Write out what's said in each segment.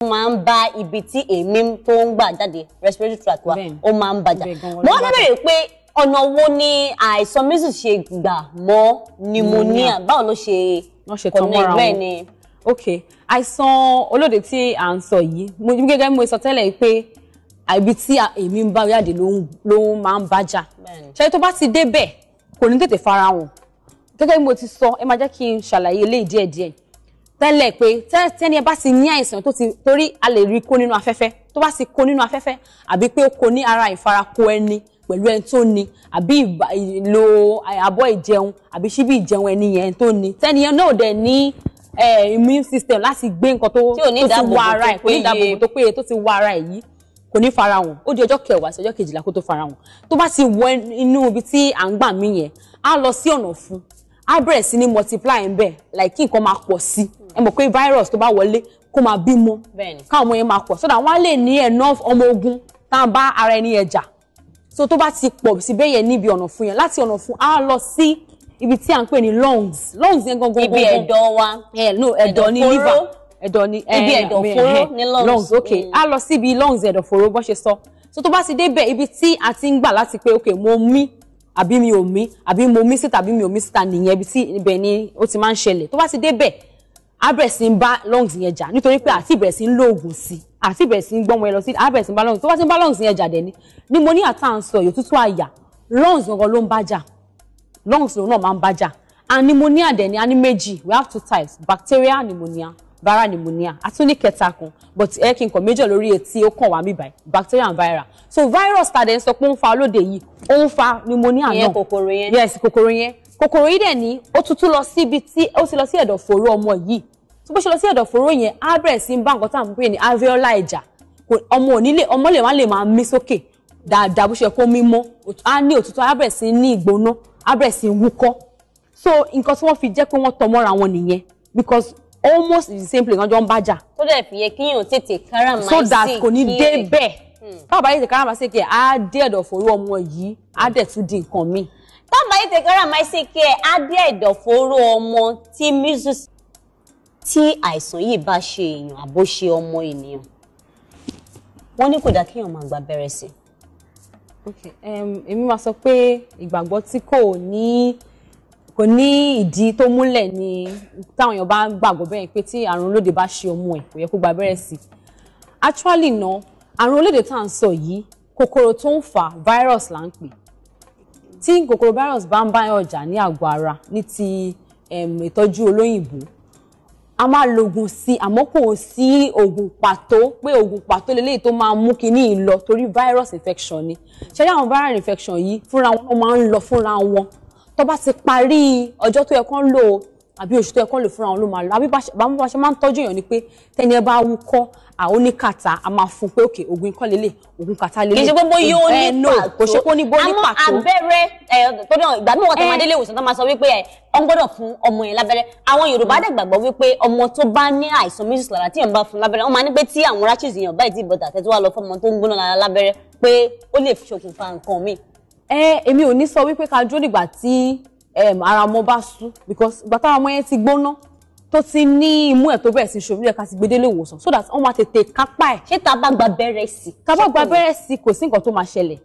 máa ń bá ibi tí èémí tó ń gbà jáde respiratory tract wa ó máa ń bàjá mo wá bẹ̀rẹ̀ pé ọ̀nà wo ni àìsàn measles ṣe gbà mọ́ pneumonia báwo ló ṣe connect bẹ́ẹ̀ ni. ok àìsàn olóde tí à ń sọ yìí mo gẹ́gẹ́ mo sọ tẹ́lẹ̀ pé ibi tí èémí ń bá jáde ló máa ń bàjá ṣe tó bá ti débẹ̀ kò ní tètè farahàn gẹ́gẹ́ bí mo ti sọ ẹ máa jẹ́ kí n ṣàlàyé eléyìí díẹ̀díẹ̀ tẹ́lẹ̀ pé tẹ́ni ẹ bá ti ní àìsàn tó ti torí a lè rí kó nínú afẹ́fẹ́ tó bá ti kó nínú afẹ́fẹ́ àbí pé ó kó ní ara ìfarako ẹni pẹ̀lú ẹni tó ní àbí ìlò àbọ̀ ìjẹun àbí síbí ìjẹun ẹni yẹn tó ní tẹ́ni yẹn náà dẹ̀ ní immune system láti gbé nǹkan tó ti wá ara ẹ̀ kò ní ìdáàbòbò tó péye tó ti wá ara ẹ̀ yìí kò ní farahàn ó di ọjọ́ kẹwàá sí ọjọ́ kejìlá kó tó farahàn tó bá ti wọ inú ibi tí à ń gbà mí yẹn á lọ sí ọ̀nà fún á bẹ̀rẹ̀ sí ní multiply ẹ̀ ń bẹ̀ like kí nǹkan máa pọ̀ sí i ẹ mọ̀ pé virus tó bá wọlé kó máa bímọ káwọn ọmọ yẹn máa pọ̀ sọ́dọ̀ àwọn á lè ní enough ọmọ ogun tá à ń bá ara ẹni yẹn jà so tó bá ti pọ̀ sí bẹ́ẹ̀ yẹn níbi ọ̀nà fún yẹn láti ọ̀nà fún á lọ sí ibi tí à ń pè ní lungs lungs yẹn gangan ibi ẹ̀dọ̀ wa ẹ̀dọ̀ ní liver ẹ̀dọ̀ ní ibi eh, ẹ̀dọ̀ fóró eh, ní lungs ok á mm. lọ sí ibi lungs ẹ̀dọ̀ fóró bó ṣe sọ so tó bá ti débẹ̀ ibi tí a ti ń gbà láti pé ok mo mí àbí mi ò mí àbí mo mí síta àbí mi ò mí síta nìyẹn ibi tí ibẹ̀ ni ó ti máa ń ṣẹlẹ̀ tó bá ti débẹ̀ á bẹ̀rẹ̀ sí ń bá lungs yẹn jà nítorí pé àti ìbẹ̀rẹ̀ sí ń lo oògùn sí àti ìbẹ̀rẹ̀ sí ń gbọ́mọ ẹ lọ sí á sí ń bá lungs tó bá ti ń bá lungs yẹn jà dẹ̀ ni pneumonia tá à ń sọ yòó tútù àyà lungs gangan ló ń bá jà lungs lòun náà máa ń bá jà and pneumonia dẹ̀ ni a ní méjì we have two types bacteria pneumonia viral pneumonia àti ní kẹta kan but ẹ kí n kàn méjì lórí etí ó kàn wá mi báyìí bacteria and viral so virus tàdé ń sọ pé ó ń fa olóde yìí ó ń fa pneumonia náà ìyẹn kòkòrò yẹn yes kòkòrò yẹn kòkòrò yìí dẹ̀ ní ó tutù lọ síbi tí ó ti lọ sí ẹ̀dọ̀fóró ọmọ yìí tó bó ṣe lọ sí ẹ̀dọ̀fóró yẹn á bẹ̀rẹ̀ sí bá nǹkan tá à ń pè ní alveolar ẹ̀já ọmọ onílé ọmọ lè má lè máa mí sókè dáadáa bó ṣe kó mímọ́ á ní òtútù á bẹ̀rẹ̀ sí ní ìgbóná á bẹ̀rẹ̀ sí wúkọ́ so nǹkan tí wọ́n fi jẹ́ pé wọ́n tọ mọ́ra wọn nìyẹn because almost the same place wọ́n jọ ń bájà. tó dẹ̀ fi yẹ kíyàn tètè so that kò ní dé bẹ́ẹ̀ báwo bá yẹ tètè káràmáìsì kẹ́ di nǹkan baba yi tekara ma ṣe kí ẹ adé ẹ̀dọ̀fóró ọmọ tí measles tí àìsàn yìí bá ṣe èèyàn àbó ṣe ọmọ ènìyàn wọ́n ní kò dá kéèyàn máa gba abẹ́rẹ́ sí. èmi máa sọ pé ìgbàgbọ́ tí kò ní kò ní ìdí tó múlẹ̀ ni táwọn èèyàn bá ń gbàgbọ́ bẹ́ẹ̀ pé tí àrùn olóde bá ṣe ọmọ ẹ̀ kò yẹ kó gba abẹ́rẹ́ sí. actually ná àrùn olóde tá à ń sọ yìí kòkòrò tó ń fà virus là ń pè tí kòkòrò virus bá ń bá ọjà ní àgọ́ ara ní ti ìtọ́jú olóyìnbó a máa lo oògùn sí àmọ́ kò sí oògùn pàtó pé oògùn pàtó lélẹ́yìí tó máa mú kinní yìí lọ torí virus infection ni ṣẹ́rí àwọn viral infection yìí fúnra wọn máa ń lọ fúnra wọn tó bá ti parí ọjọ́ tó yẹ kán lò àbí oṣù tó yẹ kán lò fúnra wọn ló máa lò àbí bá ṣe máa ń tọ́jú èèyàn ni pé tẹ́ni ẹ bá wúkọ́ àóní kàtà a máa fún pé òkè ogun ikọ́ lélẹ̀ ogun kàtà lélẹ̀ kì í ṣe pé bóyá ó ní eh, pàtó kò ṣe pé ó ní bóyá ní pàtó. àmọ́ abẹ́rẹ́ ẹ̀ eh, tó náà ìgbà míì wọ́n tó máa délé ìwòsàn tó máa sọ wípé ẹ̀ eh, ọ́n gbọ́dọ̀ fún ọmọ yẹn lábẹ́rẹ́ àwọn Yorùbá dẹ̀ gbàgbọ́ wípé ọmọ tó bá ní àìsàn measles lára tí yẹn bá fún lábẹ́rẹ́ wọ́n máa ní pé tí àwọn rashes yẹn báyìí ti bọ̀dà tẹ́tí wá lọ fún ọmọ tó ń gbóná lára lábẹ́rẹ́ pé ó lè ṣokùnfà nǹkan míì. ẹ èmi ò ní sọ wípé ká dúró dìgbà tí ara ọmọ bá sú because ìgbà táwọn ọmọ yẹn ti gbóná tó ti ní imú ẹ̀ tó bẹ̀rẹ̀ sí ṣòmí ẹ̀ ká ti gbedele ìwòsàn so that wọ́n máa tètè kápá ẹ̀. ṣé tá a bá gba bẹ́rẹ̀ sí. tá a bá gba bẹ́rẹ̀ sí kò sí nǹkan tó máa ṣẹlẹ̀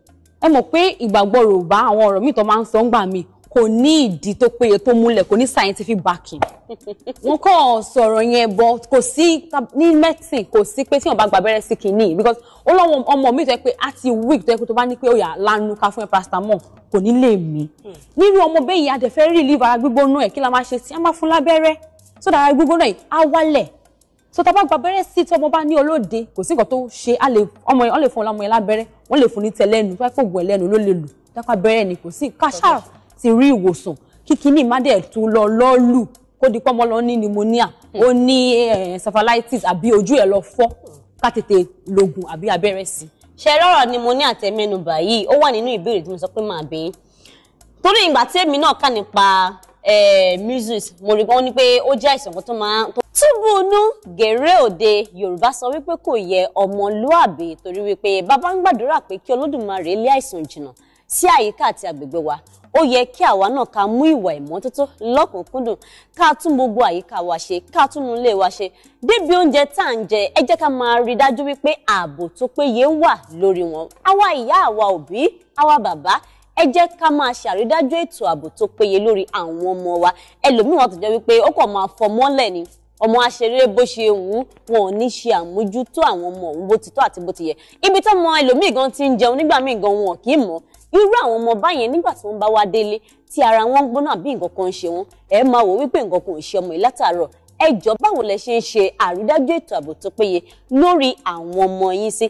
ẹ mọ̀ pé ìgbàgbọ́ Yorùbá àwọn ọ̀rọ̀ míì tó máa ń sọ ń gbà míì kò ní ìdí tó péye tó múlẹ̀ kò ní scientific backing wọn kàn sọ̀rọ̀ yẹn bọ kò sí ní medicine kò sí pé tí wọn bá gba abẹ́rẹ́ sí kìíní because ó lọ́wọ́ ọmọ mi tó yẹ pé á ti weak tó yẹ pé tó bá ní pé ó yá lanu ká fún ẹ paracetamol kò ní lè mí hmm. nírú ọmọ bẹ́ẹ̀ yìí adẹ̀fẹ́ relieve ara gbígbóná ẹ̀ kí la máa ṣe sí a máa fún lábẹ́rẹ́ so that ara gbígbóná yìí á wálẹ̀ so tá a bá gba abẹ́rẹ́ sí tí ọmọ bá ní olóde kò sí nǹkan tó ṣe ọmọ yẹn wọ́n lè fún ọmọ yẹn lábẹ́rẹ́ wọ́n lè fún ní tẹ̀lẹ́nu tó yẹ pé òògùn ẹ̀lẹ́nu ló lè lò dápá abẹ́rẹ́ ni kò sí káṣá ti rí ìwòsàn kíkíní má dẹ̀ tún lọ lọ́ọ̀lù kó di pọ́nmọ́ lọ ní pneumonia hmm. ó ní eh, encephalitis àbí ojú ẹ̀ lọ fọ́ ká tètè lògùn àbí abẹ́rẹ́ sí. ṣe rọrọ pneumonia tẹmẹnubà yìí ó wà nínú ìbéèrè tí mo sọ pé màá bí torí ìgbà tí èmi náà kà nípa eh, measles mo rí wọn ni pé ó jẹ́ àìsàn kan tó máa ń. túbúnú gèrè òde yorùbá sọ wípé kò yẹ ọmọlúàbí torí wípé bàbá pé kí olódùmarè lé àìsàn jìnnà sí àyíká àti àgbègbè wa ó yẹ kí àwa náà ká mú ìwà ìmọ́tótó lọ́kùnkúndùn ká tún gbogbo àyíká wa ṣe ká tún nu ilé wa ṣe débi oúnjẹ tá à ń jẹ ẹ jẹ́ ká máa rí dájú wípé ààbò tó péye wà lórí wọn àwa ìyá àwa òbí àwa bàbá ẹ jẹ́ ká máa ṣàrídájú ètò ààbò tó péye lórí àwọn ọmọ wa ẹlòmíràn tó jẹ́ wípé ó kàn máa fọ mọ́lẹ̀ ni ọmọ aṣeré bó ṣe wù ú wọn ò ní ṣe àmójútó àwọn ọmọ òun bó ti tọ́ àti bó ti yẹ ibi tọ́mọ ẹlòmíì gan ti ń jẹun nígbà míì gan wọn kì í mọ̀ irú àwọn ọmọ báyẹn nígbà tí wọ́n bá wá délé tí ara wọn ń gbóná àbí nǹkan kan ń ṣe wọn ẹ máa wò wípé nǹkan kan ò ṣe ọmọ yìí látàárọ̀ ẹ jọ báwo lẹ ṣe ń ṣe àrídájú ètò ààbò tó péye lórí àwọn ọmọ yín sí